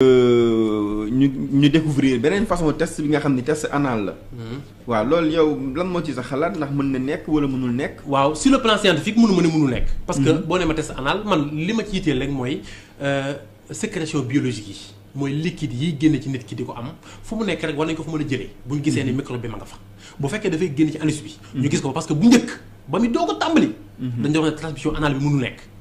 Euh, ñu ñu découvrir beneen façon test bi nga xam ni test anal la. Hmm. waaw loolu yow lan moo ci sa xalaat ndax mën na nekk wala mënul nekk. waaw sur le plan scientifique mënu ma mënul nekk. parce que hmm. boo nee ma test anal man li ma ci yitteel rek mooy euh, sécrétion biologique yi liquide yiy génn ci nit ki di ko am fu mu nekk rek war nañ ko fu mën a jëlee. bu ñu gisee ne hmm. microbe bi ma nga fa. bu fekkee dafay génn ci anus bi. ñu gis ko parce que bu njëkk ba muy doog a tàmbali. dañu doon transmission anal bi mënul nekk.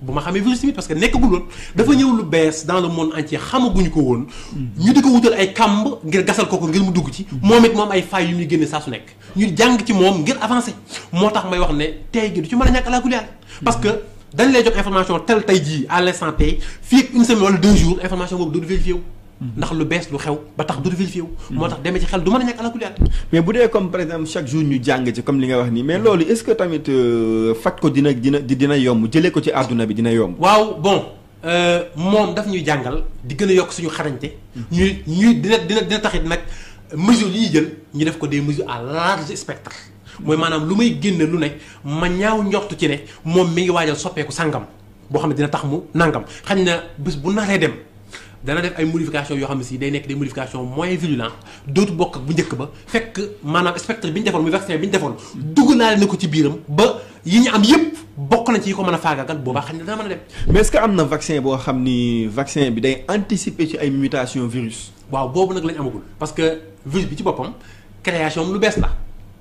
bu ma virus parce que dafa lu dans le monde entier xamaguñ ko won ñu di ko wutal ay ngir gassal ko ngir mu dugg ci. momit mom ay fay yu ñu nekk. ñu jang ci vous ngir avancer motax may wax né gi ci parce que dañ lay jox information tel tay ji à une semaine deux jours information boobu do vérifier ndax lu bees lu xew ba tax du vérifié wu mm-hmm. moo tax demee ci xel du mën a ñàkk àlakuliat mais bu dee comme par exemple chaque jour ñu jàng ci comme li nga wax nii euh, faj ko dina dina dina yomb jëlee ko ci àdduna bi dina yomb waaw bon euh, moom daf ñuy jàngal di gën a yokk suñu xarañte mm-hmm. ñuy ñuy dina dina dina taxit nag mesures yi jël ñu def ko des mesures à large spectre mooy mm-hmm. maanaam lu may génne lu ne ma ñaaw njortu ci moom mi ngi waajal soppeeku sàngam boo xam ne tax mu nangam xañ na bés bu naree dem dana def ay modification yo xamni ne si day nek des modifications moins virulentes dootu bokk ak bu njëkk ba fekk manam spectre biñ ñu defoon muy vaccin biñ ñu duguna dugg naa ko ci biram ba yi ñu am yépp bokk na ci yi ko mën a faagaagal boobaa xam ne dana mëna a dem mais est-ce que amna vaccin bo xamni vaccin bi day anticiper ci ay mutation virus waaw bobu nak lañ amagul parce que virus bi ci bopam création lu bees la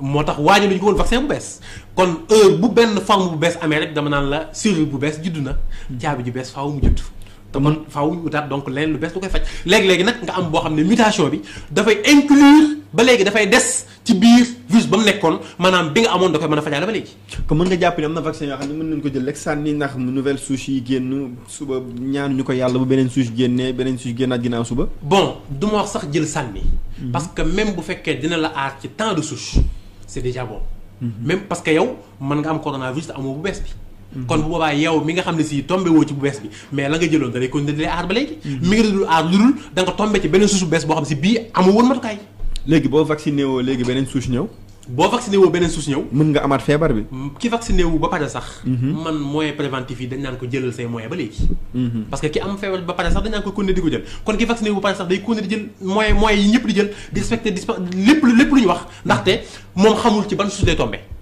motax tax waajo ñu ko woon vaccin bu bees kon heure bu benn forme bu bees amé rek dama naan la cellule bu bees jiduna na caabi ju bees faaw mu jiddu te man faaw ñu utaat donc leneen lu bees lu koy faj léegi-léegi nag nga am boo xam ne mutation bi dafay inclure ba léegi dafay des ci biir virus ba mu nekkoon maanaam bi nga amoon da koy mën a fajaale ba léegi que mën nga jàpp ne am na vaccin yoo xam ne mën nañ ko jël rek sànni ndax nouvelle souche yi génn suba ñaan ñu ko yàlla bu beneen souche génnee beneen souche génnaat ginnaaw suba bon du ma wax sax jël sànni mhm. parce que même bu fekkee dina la aar ci temps de souche c'est déjà bon mhm. même parce que yow mën nga am coronavirus te amoo bu bees bi Mm-hmm. kon bu boobaa yow mi nga xamni ne si tombé woo ci bu bess bi mais la nga jëlone da lay continuer di lay aar ba légui mm-hmm. mi ngi dul ar lu da nga tombé ci benen souche bu bees boo xam si bii amu woon matukaay légui bo vacciné wo légui benen souche ñew bo vacciné wo benen souche ñew mën nga amat fièvre bi ki vacciné wu ba pare sax mm-hmm. man moyen préventif yi dañ naan ko jëlal say moyen ba légui parce que ki am fièvre ba pare sax dañ naan ko continuer di ko jël kon ki vacciné wu ba sax day continuer di jël moyen moyen yi ñëpp di jël di respecter lepp lépp lu ñu wax ndaxte mom xamul ci ban souche lay tomber